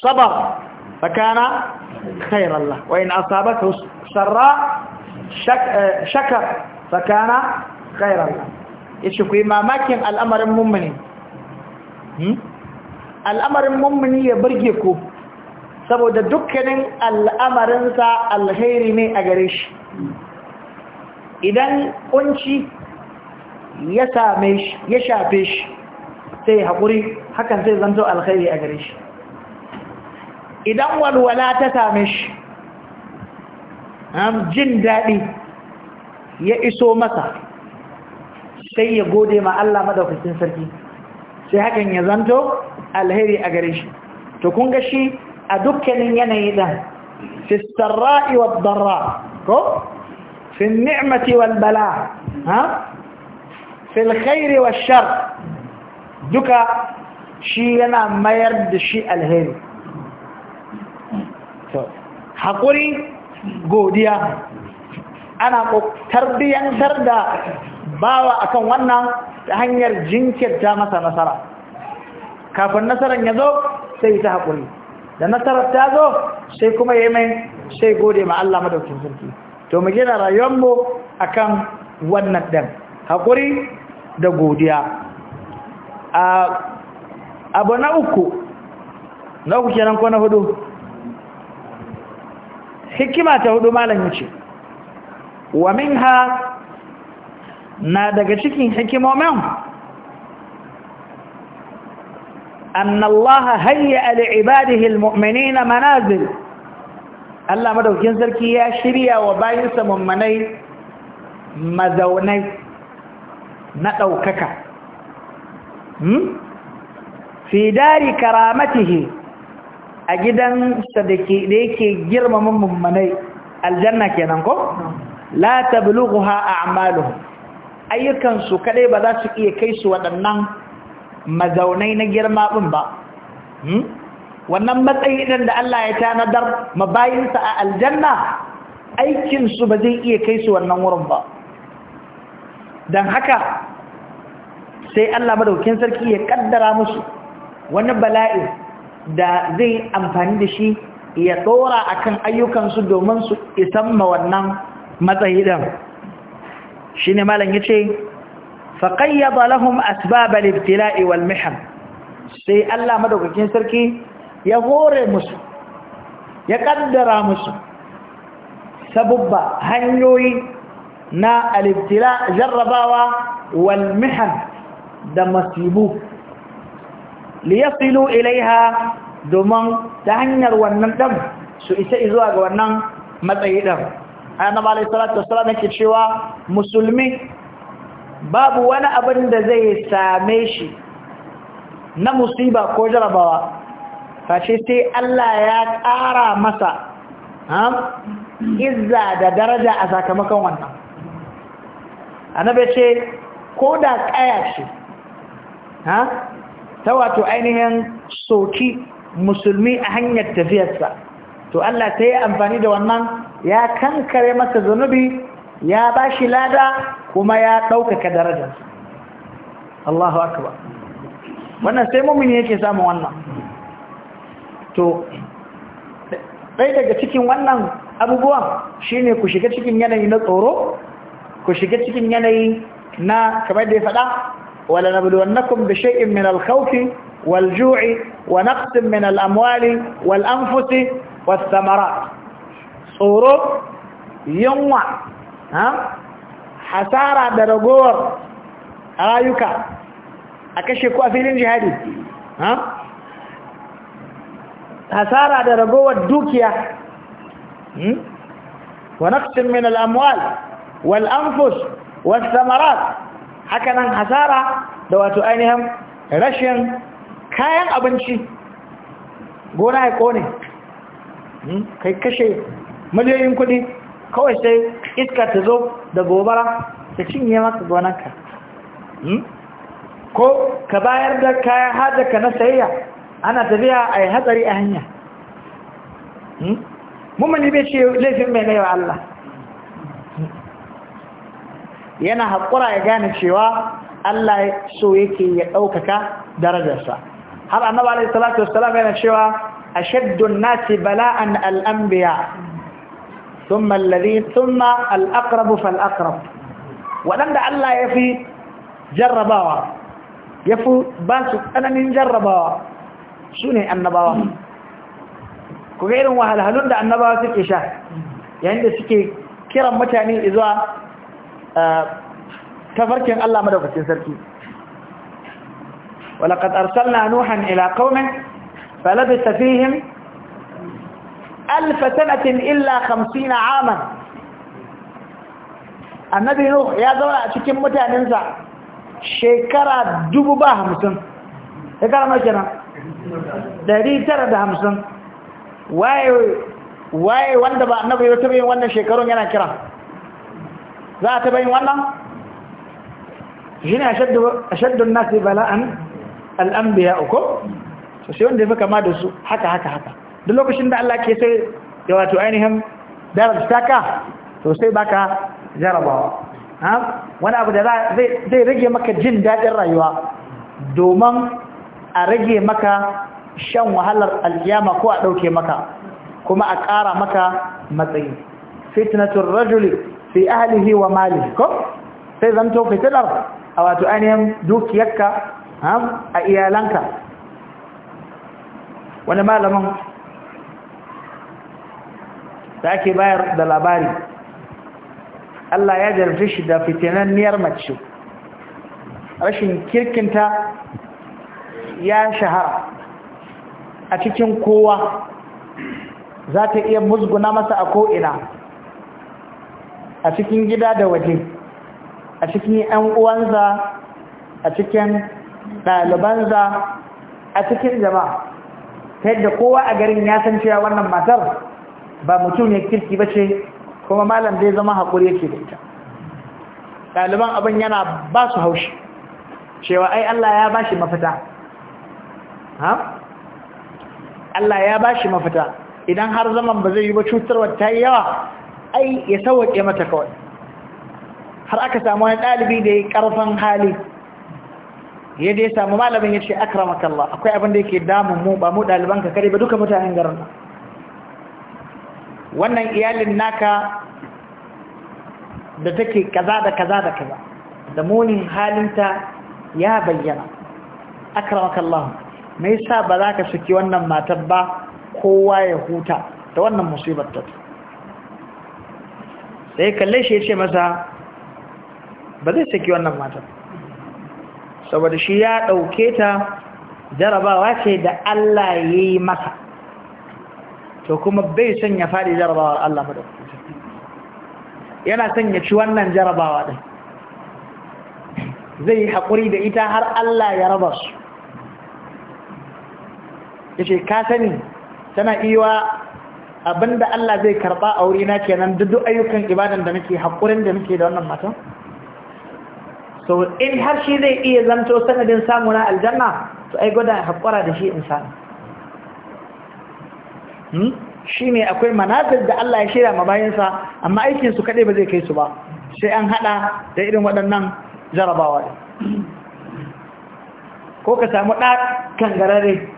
sabar fa kana khairan lahu wa in asabathu sarra Eh, shakar fakana khairar ya ce ku mamakin al'amarin mummuni hmm? al'amarin mummuni ya burge ku saboda dukkanin al'amarinsa alheri ne a gare shi idan kunci ya same shi ya shafe shi sai haƙuri hakan sai zanto alheri a gare shi idan walwala ta same shi jin daɗi ya iso masa sai ya gode ma Allah madaukakin sarki sai hakan ya zanto alheri a gare shi to kun shi a dukkanin yanayi dan fi sarra'i wa ko fi ni'mati wal bala ha fi wa shar duka shi yana mayar da shi alheri haƙuri godiya ana tarbiyyantar da bawa akan wannan ta hanyar jinkirta masa nasara kafin nasarar ya zo sai ta haƙuri da nasarar ta zo sai kuma ya mai sai gode ma Allah madaukin sarki to mu gina rayuwarmu akan wannan ɗan haƙuri da godiya ah, abu na uku na uku kenan ko na hudu hikima ta hudu malam ce. wa minha na daga cikin hikimomin annallaha hayya li'ibadihi muminina manazil Allah madaukin sarki ya shirya wa bayinsa sa mummanai mazaunai na ɗaukaka. Fidari hmm? fi dari karamatihi a gidan gidansa da yake girmama mummanai aljanna kenan ko la tablughuha a'maluhum ayyukan su kadai ba za su iya kai su wadannan mazaunai na girma din ba hmm? wannan matsayi din da Allah ya tanadar mabayinsa a aljanna aikin su ba zai iya kai su wannan wurin ba dan haka sai Allah madaukin sarki ya kaddara musu wani bala'i da zai amfani da shi ya tsora kan ayyukansu domin su isan ma wannan matsayi din shine malam yace فقيض لهم أسباب الابتلاء والمحن sai Allah madaukakin sarki ya hore musu ya ƙaddara musu sabubba hanyoyi na alibtila jarrabawa wal mihan da masibu liyasilu ilaiha domin ta hanyar wannan ɗan su isa zuwa ga wannan matsayi ɗan annaba alaihi salatu wassalam yake cewa musulmi babu wani abin da zai same shi na musiba ko jarabawa face sai Allah ya ƙara masa izza da daraja a sakamakon wannan annabi ce ko da ƙaya ce ha ta wato ainihin soki musulmi a hanyar tafiyarsa to Allah ta yi amfani da wannan ya kankare masa zunubi ya ba shi lada kuma ya ɗaukaka darajarsa Allahu akbar wannan sai mumin yake samun wannan to ɗai daga cikin wannan abubuwan shine ku shiga cikin yanayi na tsoro ku shiga cikin yanayi na kamar da ya faɗa ولنبلونكم بشيء من الخوف والجوع ونقص من الأموال والأنفس والثمرات صورو ها حسارة درجور رايك أكشف في جهادي ها حسارة da دوكيا dukiya ونقص من الأموال والأنفس والثمرات haka nan hasara da wato ainihin rashin kayan abinci gona ya kone hmm? kai kashe miliyoyin kudi kawai sai iska ta zo da gobara ta cinye maka gonanka hmm? ko ka bayar da kayan hajjaka na sayayya ana tafiya a yi hatsari a hanya hmm? mummuni bai ce laifin mai wa Allah yana haƙura ya gane cewa Allah so yake ya ɗaukaka darajarsa har annaba alaihi salatu wassalam yana cewa ashaddun nasi bala'an al'anbiya thumma alladhi thumma al al'akrabu fal aqrab wadanda Allah fi jarrabawa yafi ba su tsananin jarrabawa su ne annabawa ku ga irin wahalhalun da annabawa suke sha yayin da suke kiran mutane zuwa tafarkin Allah madaukakin sarki walaqad arsalna nuhan ila qaumihi falabitha fihim alf sanatin illa 50 aman annabi nuh ya zauna a cikin mutanensa shekara dubu ba hamsin shekara mai kenan dari tara da hamsin waye wanda ba annabi ya taɓa wannan shekarun yana kira za a taɓa yin wannan shi ne a shaddun nasi bala'an al'ambiya uku so sai wanda ya fi kama da su haka haka haka duk lokacin da Allah ke sai da wato ainihin darabta ka to sai baka jarabawa wani abu da zai rage maka jin daɗin rayuwa domin a rage maka shan wahalar alkiyama ko a ɗauke maka kuma a ƙara maka matsayi fitnatun rajuli fi ahlihi wa malihi ko sai zanto fitilar a wato ainihin dukiyarka a iyalanka wani malamin da ake bayar da labari Allah ya jarfi shi da fitinanniyar mace rashin kirkinta ya shahara a cikin kowa za ta iya musguna masa a ko'ina a cikin gida da waje a cikin 'yan uwansa a cikin ɗalibanza, a cikin jama'a ta yadda kowa a garin ya san cewa wannan matar ba mutum ya kirki ba ce kuma malam zai zama haƙuri yake da ita ɗaliban abin yana ba su haushi cewa ai Allah ya ba shi mafita Allah ya ba shi mafita idan har zaman ba zai yi ba cutarwa ta yi yawa ai ya sauwaƙe mata kawai har aka samu wani ɗalibi da ya ƙarfin hali ya dai samu malamin ya ce akramakallah akwai abin da yake damun mu ba mu ɗaliban ka kare ba duka mutanen garin wannan iyalin naka da take kaza da kaza da kaza da munin halinta ya bayyana akramakallah me yasa ba za ka saki wannan matar ba kowa ya huta da wannan musibar ta sai kalle shi ya ce masa ba zai saki wannan matan saboda shi ya ɗauke ta jarabawa ce da Allah ya yi masa to kuma bai son ya faɗi jarabawar Allah madaukakin yana son ya ci wannan jarabawa ɗin zai yi haƙuri da ita har Allah ya raba su ya ce ka sani tana iwa. abinda Allah zai karɓa a wuri na kenan duk ayyukan ibadan da nake haƙurin da nake da wannan matan so in har shi zai iya zanto sanadin samu na aljanna to ai gwada haƙura da shi insani hmm? shi ne akwai manazir da Allah ya shirya mabayinsa amma aikinsu kaɗai ba zai kai su ba sai an haɗa da irin waɗannan jarabawa ko ka samu ɗa kangarare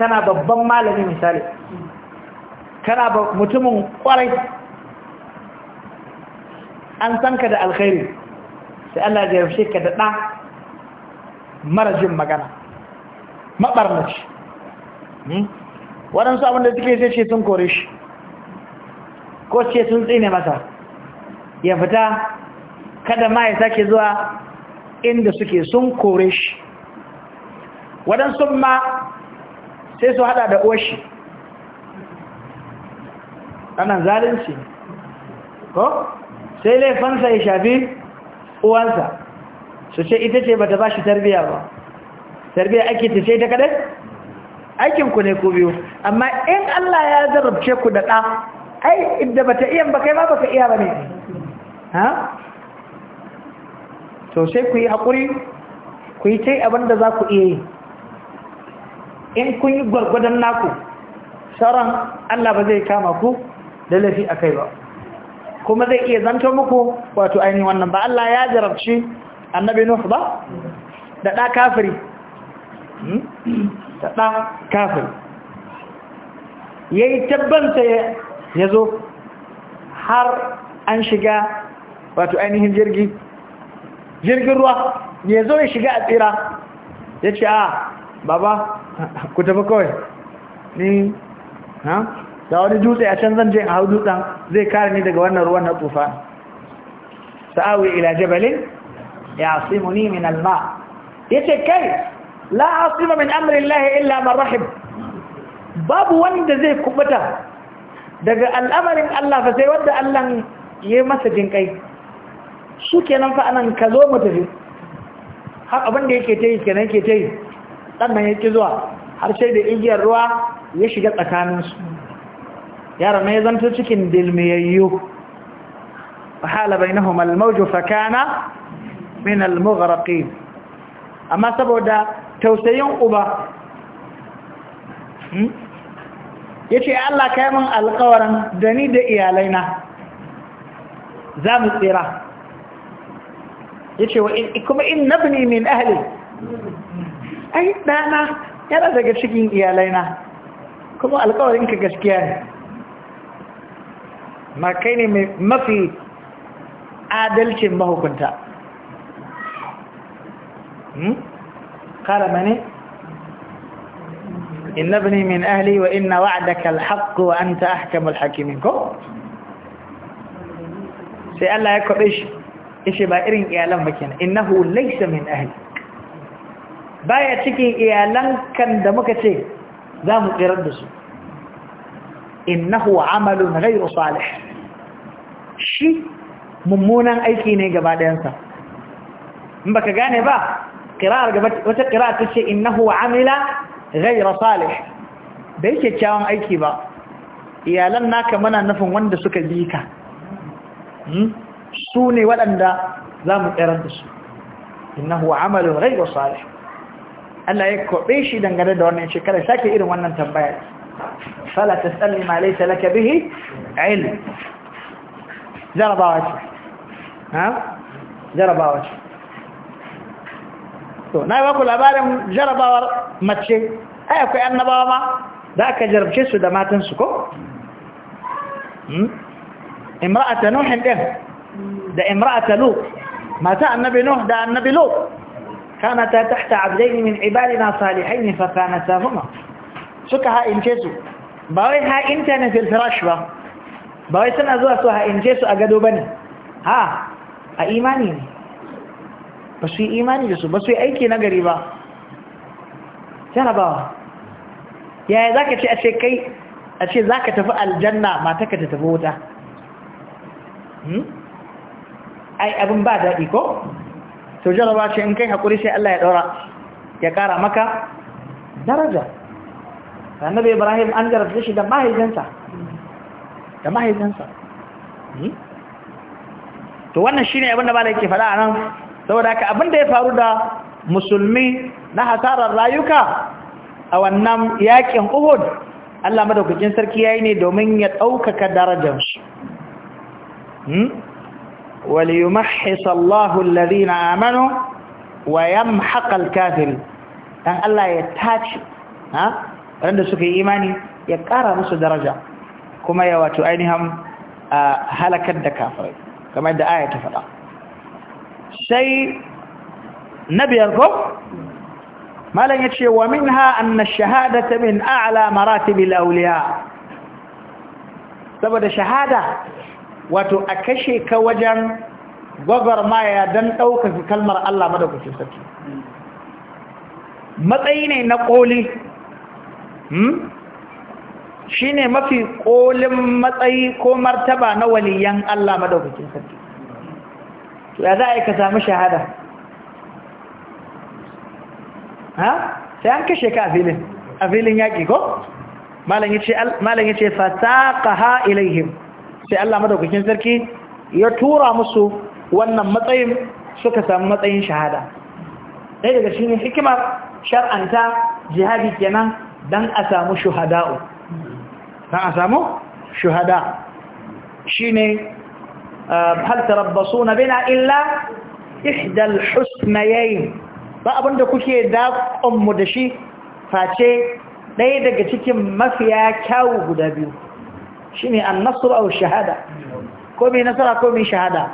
kana babban malami misali kana ba mutumin kwarai an san ka da alkhairi sai Allah ya yarfe ka da da marajin magana maɓarnaci hmm? waɗansu abinda suke ce ce sun kore shi ko ce sun tsine masa ya fita kada ma ya sake zuwa inda suke sun kore shi waɗansu ma sai su hada da uwashi wannan zalunci ko sai laifansa ya shafi uwansa su ce ita ce bata ba shi tarbiya ba tarbiya ake ta ce ta kadai aikinku ne ku biyu amma in Allah ya zarabce ku da ɗa ai inda bata iya ba kai ma baka iya ba ne ha to sai ku yi haƙuri ku yi ta abin da za ku iya yi in kun yi gwargwadon naku sauran Allah ba zai kama ku lalafi a kai ba kuma zai iya zanto muku wato ainihin wannan ba Allah ya jarabci annabi Nuh ba da ɗa kafiri hmm? da ɗa kafiri ya yi tabbanta ya zo har an shiga wato ainihin jirgi jirgin ruwa ya zo ya shiga a tsira ya ce a ah, baba ku tafi kawai ni ha ga wani dutse a can zan je a hau dutsen zai kare ni daga wannan ruwan na tufa sa'awi ila jabalin ya asimuni min alma yace kai la asima min amri llahi illa man rahim babu wanda zai kubuta daga al'amarin Allah fa sai wanda Allah ya masa kai su kenan fa anan ka zo mu tafi har abin da yake tayi kenan yake tayi sannan yake zuwa har sai da igiyar ruwa ya shiga tsakaninsu yara mai zanto cikin dilmiyayyu hala bainahuma almawju fakana min almughraqin amma saboda tausayin uba hmm? yace Allah kai mun alƙawarin da ni da iyalaina za mu tsira yace ce kuma in na nabni min ahli ai dana yana daga cikin iyalaina kuma alƙawarin ka gaskiya ne ma kai ne mafi adalcin mahukunta hmm? kala mani inna bani min ahli wa inna wa'adaka alhaq wa an anta ahkamul hakimin ko sai Allah ya kwabe shi ishe ba irin iyalan ba kenan innahu laysa min ahli baya cikin iyalan kan da muka ce za mu tsirar da su innahu amalun ghairu salih shi mummunan aiki ne gaba ɗayansa in baka gane ba qira'ar gaba wata qira'a tace innahu amila ghairu salih bai kyakkyawan aiki ba iyalan naka muna nufin wanda suka bi ka su ne waɗanda za mu da su innahu amalun ghairu salih Allah ya kobe shi dangane da wannan shekara sake irin wannan tambaya فلا تسألني ما ليس لك به علم جرب وجه ها جرب وجه تو نا يقول لبارم جرب ور متشي اي اكو ان بابا ذاك جرب شي سو ما تنسو امرأة نوح ده امرأة لوط ما تاء النبي نوح ده النبي لوط كانت تحت عبدين من عبادنا صالحين فكانتا هما suka ha'ince su ba wai ha'inta na filtrash ba ba wai suna zuwa su ha'ince su a gado ba ne ha a imani ne ba su yi imani da su ba su yi aiki na gari ba jarabawa yaya za ka ce a ce kai a ce za ka tafi aljanna mataka ta tafi wuta hmm? ai abin ba daɗi ko? to jarabawa ce in kai haƙuri sai Allah ya ɗora ya ƙara maka daraja annabi ibrahim an garanta shi da mahaifinsa da mahaifinsa hmm? to wannan shine abin da malai ke faɗa a nan saboda haka abin da ya faru da musulmi na hasarar rayuka a wannan yakin uhud Allah madaukakin sarki yayi ne domin ya daukaka darajar su. Hmm? waliyumahhis Allahu alladhina amanu wa yamhaqal kafir dan Allah ya tace waɗanda suka yi imani ya kara musu daraja kuma ya wato ainihin halakar da kafirai kamar da aya ta faɗa sai na biyar ko malam ya ce wa min ha anna ta min a'la maratibil auliya saboda shahada wato a kashe ka wajen gwagwarmaya don ɗaukaka kalmar Allah madaukakin sarki matsayi ne na ƙoli Hmm? shi ne mafi ƙolin matsayi ko martaba na waliyan Allah madaukakin sarki ya za a yi ka samu shahada ha sai an kashe ka a filin a filin yaƙi ko malin ya ce fasaka ha ilaihim sai Allah madaukacin sarki ya tura musu wannan matsayin suka samu matsayin shahada ɗaya daga shi ne hikimar shar'anta jihadi kenan dan a samu shuhada'u a samu shuhada shine uh, hal tarabbasuna bina illa ihdal husnayayn ba abinda kuke daƙonmu mu da shi face ɗaya daga cikin mafiya kyawu guda biyu shi ne an nasuru shahada ko mai nasara ko mai shahada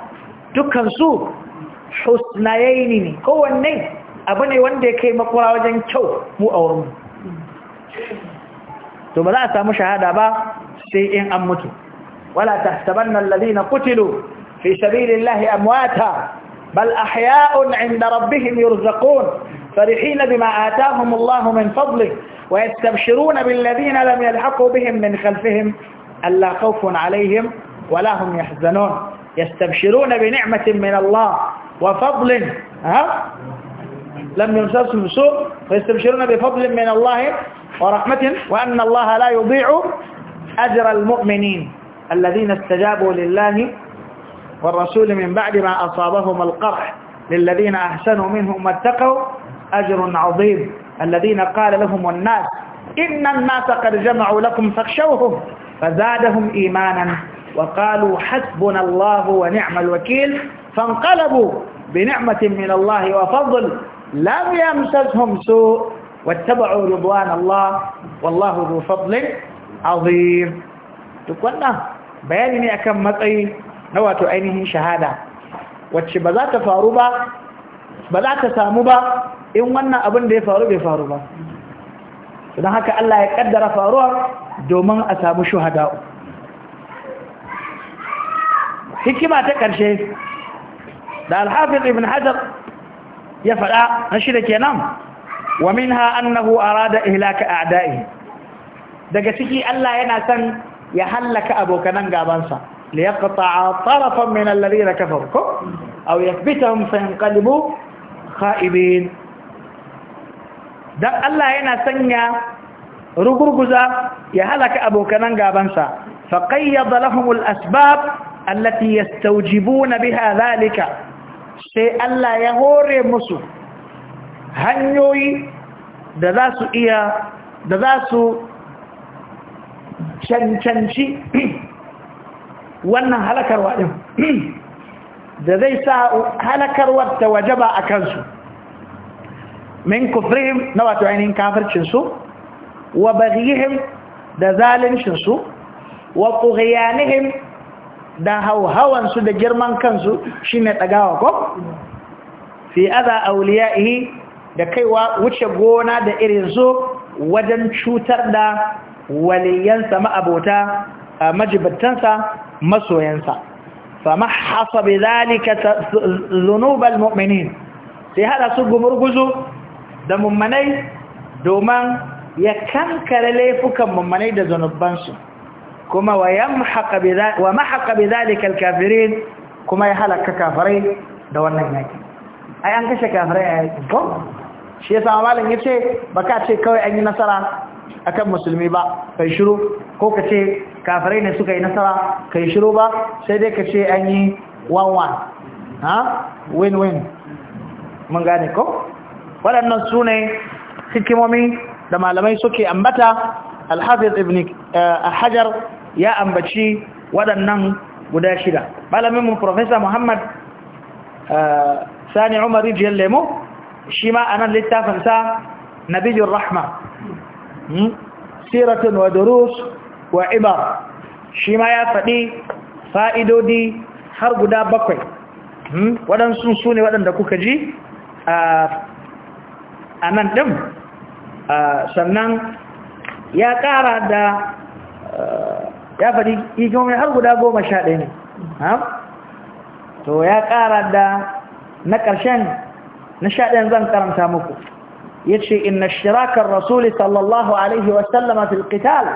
dukansu husnayaini ne kowanne abu ne wanda ya kai makura wajen kyau mu a wurin to ba za a samu shahada ba sai in an mutu wala tahsabanna alladhina qutilu fi sabilillahi amwata bal ahya'un 'inda rabbihim yurzaqun farihin bima ataahum Allah min fadlihi wa yastabshiruna bil ladhina lam yalhaqu bihim min khalfihim alla khawfun 'alayhim wala hum yahzanun yastabshiruna bi ni'matin min Allah wa fadlin ha لم يمسسهم سوء فيستبشرون بفضل من الله ورحمة وأن الله لا يضيع أجر المؤمنين الذين استجابوا لله والرسول من بعد ما أصابهم القرح للذين أحسنوا منهم واتقوا أجر عظيم الذين قال لهم الناس إن الناس قد جمعوا لكم فاخشوهم فزادهم إيمانا وقالوا حسبنا الله ونعم الوكيل فانقلبوا بنعمة من الله وفضل lam yamsashum su wattaba'u ridwan Allah wallahu dhu fadlin azim duk wannan bayani ne akan matsayi na wato ainihin shahada wacce ba za ta samu ba in wannan abin da ya faru bai faru ba don haka Allah ya ƙaddara faruwar domin a samu shuhada. hikima ta ƙarshe da alhafin ibn hajar ya faɗa na shida kenan wa min ha annahu arada ihlaka a'da'ihi daga ciki Allah yana san ya hallaka abokanan gabansa li yaqta'a tarafan min alladhina kafaru ko aw yathbitahum fa yanqalibu kha'ibin dan Allah yana sanya rugurguza ya halaka abokanan gabansa fa qayyada lahum al-asbab allati yastawjibuna biha dhalika sai Allah ya hore musu hanyoyi da za su iya da za su cancanci wannan halakarwa ɗin da zai sa halakarwar ta waje ba a kansu min kufrihim na wato ainihin kafircinsu wa bagihim da zalincinsu wa ƙuhiyanihim da hauhawansu da girman kansu shi ne ɗagawa ko fi aza yi da kaiwa wuce gona da irin zo wajen cutar da waliyansa ma'abota majibattansa masoyansa fama hasa bai zalika zunubar mu'minin sai hada su gumurguzu da mummanai domin ya kankare laifukan mummanai da zunubansu kuma wa mahaka bi zalikal kafirin kuma ya halaka kafirai da wannan yaki ai an kashe kafirai a yakin ko shi ya malam malin ya ce kawai an yi nasara a kan musulmi ba kai shiru ko ka ce kafirai ne suka yi nasara kai shiru ba sai dai ka ce an yi one one ha win win mun gane ko waɗannan su ne hikimomi da malamai suke ambata الحافظ ibn eh, hajar ya ambaci waɗannan guda shida malamin mu professor Muhammad eh, Sani Umar Rijiyar Lemo shi ma nan littafin na bijin Rahma hmm? siratun wa durus wa ibar shi ma ya faɗi fa'idodi har guda bakwai hmm? waɗansu su ne waɗanda kuka ji eh, a nan ɗin eh, sannan ya ƙara da ya faɗi hikimomi har guda goma sha ɗaya ne to ya ƙara da na ƙarshen na sha ɗayan zan karanta muku ya ce inna shirakar rasuli sallallahu alaihi wasallama fil qital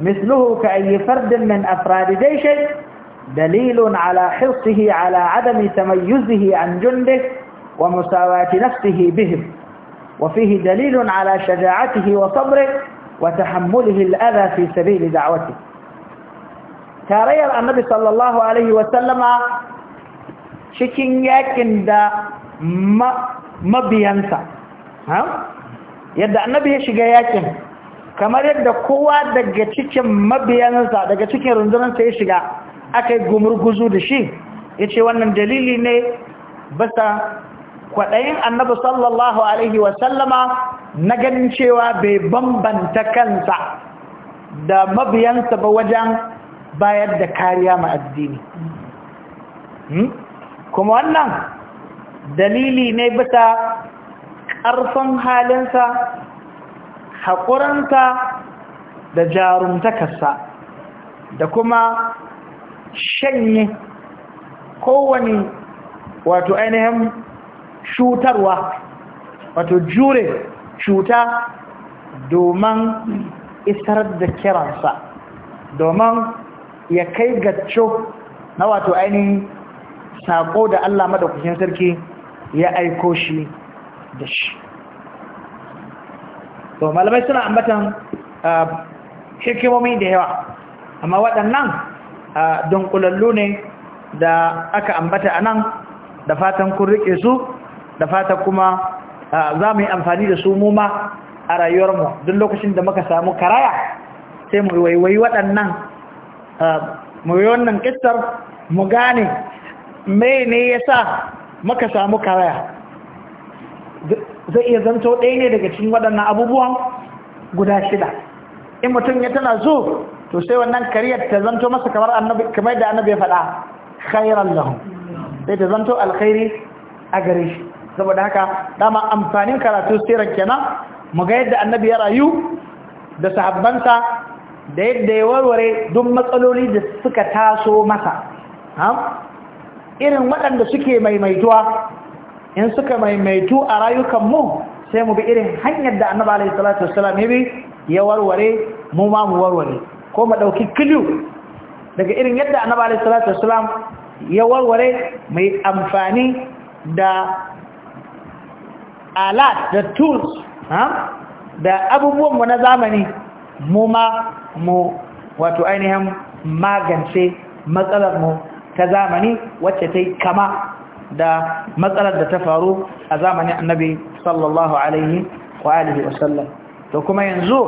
misluhu ka ayi fardin min afradi daishe dalilun ala hirsihi ala adami tamayyuzihi an junde wa musawati nafsihi bihim وفيه دليل على شجاعته وصبره وتحمله الأذى في سبيل دعوته tarayyar annabi sallallahu alaihi wasallama cikin yakin da mabiyansa yadda annabi ya shiga yakin kamar yadda kowa daga cikin mabiyansa daga cikin rundunansa ya shiga aka yi gumurguzu da shi ya ce wannan dalili ne basa kwaɗayin annabi sallallahu alaihi wasallama na ganin cewa bai bambanta kansa da mabiyansa ba wajen bayar da kariya ma addini hmm? kuma wannan dalili ne bisa ƙarfin halinsa haƙurinsa da jarumtakarsa da kuma shanye kowane wato ainihin cutarwa wato jure cuta domin isar da kiransa domin ya kai gaco na wato ainihin saƙo da Allah madaukakin sarki ya aiko shi da shi to malamai suna ambatan hikimomi da yawa amma waɗannan dunkulallu ne da aka ambata a nan da fatan kun riƙe su da fatan kuma za mu yi amfani da su mu ma a rayuwarmu duk lokacin da muka samu karaya sai mu waiwayi waɗannan Ah, mu yi wannan kistar mu gane mai ne ya sa maka samu karaya zai iya zanto ɗaya ne daga cikin waɗannan abubuwan guda shida in mutum ya tana zo to sai wannan kariyar ta zanto masa kamar kamar da annabi ya faɗa khairan lahum sai ta zanto alkhairi a gare shi saboda haka dama amfanin karatu siran kenan mu ga yadda annabi ya rayu da sahabbansa da yadda ya warware duk matsaloli da suka taso masa irin waɗanda suke maimaituwa in suka maimaitu a rayukanmu sai mu bi irin hanyar da annaba alaihi salatu wassalam ya bi ya warware mu ma mu warware ko mu ɗauki kiliyu daga irin yadda annaba alaihi salatu wassalam ya warware mai amfani da alat da tools da abubuwanmu na zamani mu ma mu wato ainihin magance matsalar mu ta zamani wacce ta yi kama da matsalar da ta faru a zamani annabi sallallahu alaihi wa alihi wasallam to kuma yanzu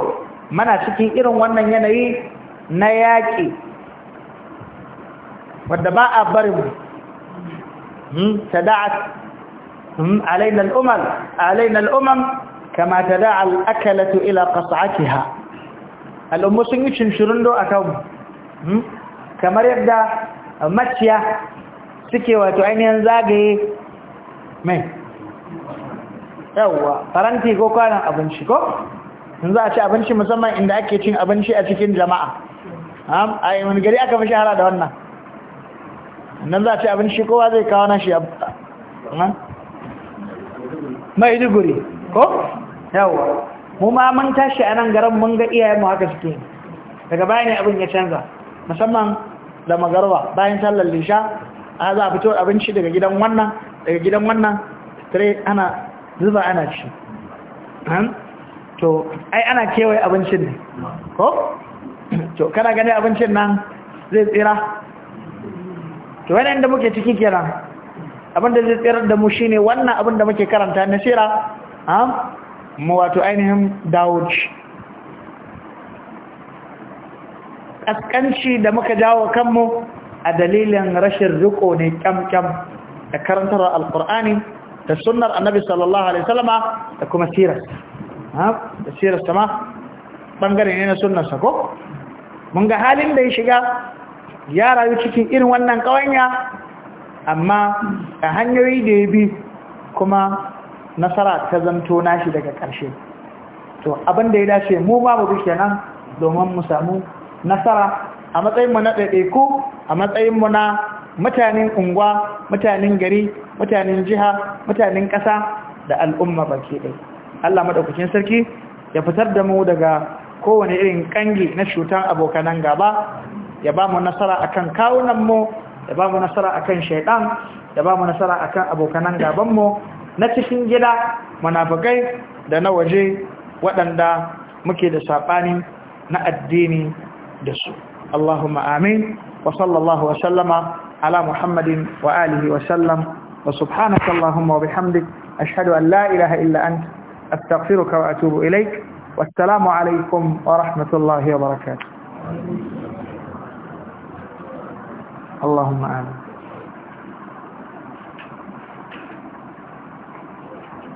mana cikin irin wannan yanayi na yaƙi wadda ba a barin hmm? tada'at hmm? alaina al'umar alaina al'umar kama tada'a al'akalatu ila qas'atiha Al'umma sun yi cinshirin do a kanmu hmm? kamar yadda maciya suke wato ainihin zagaye mai yawwa faranti ko kwanan abinci ko in za a ci abinci musamman inda ake cin abinci a cikin jama'a a yi wani gari aka fi shahara da wannan nan za a ci abinci kowa zai kawo nashi maiduguri ko yawwa mu ma mun tashi a nan garin mun ga iyayenmu haka suke daga bayan abin ya canza musamman da magarwa bayan sallar lisha a za a fito abinci daga gidan wannan daga gidan wannan tare ana zuba ana ci to ai ana kewaye abincin ne ko to kana gani abincin nan zai tsira to wani inda muke ciki kenan abin da zai tsirar da mu shine wannan abin da muke karanta na sira Mu wato ainihin dawo ƙasƙanci da muka jawo kanmu a dalilin rashin riko ne kyamkyam da karantar alƙur'ani da sunar annabi sallallahu alaihi salama da kuma siras da ta ma ɓangare ne na sunar sako mun ga halin da ya shiga ya rayu cikin irin wannan ƙawanya amma a hanyoyi da ya bi kuma nasara ta zanto nashi daga ƙarshe to abin da ya dace mu ba mu bi kenan domin mu samu nasara a matsayin mu na ɗaiɗaiku a matsayin mu na mutanen unguwa mutanen gari mutanen jiha mutanen ƙasa da al'umma baki ɗai Allah madaukakin sarki ya fitar da mu daga kowane irin ƙangi na cutar abokanan gaba ya ba mu nasara akan kawunan mu ya ba mu nasara a kan shaidan ya ba mu nasara a kan abokanan gabanmu na cikin gida munafikai da na waje waɗanda muke da saɓani na addini da su Allahumma amin wa sallallahu wa sallama ala Muhammadin wa alihi wa sallam wa subhanaka Allahumma wa bihamdik ashhadu an la ilaha illa anta astaghfiruka wa atubu ilaik alaikum wa ورحمة wa وبركاته اللهم amin.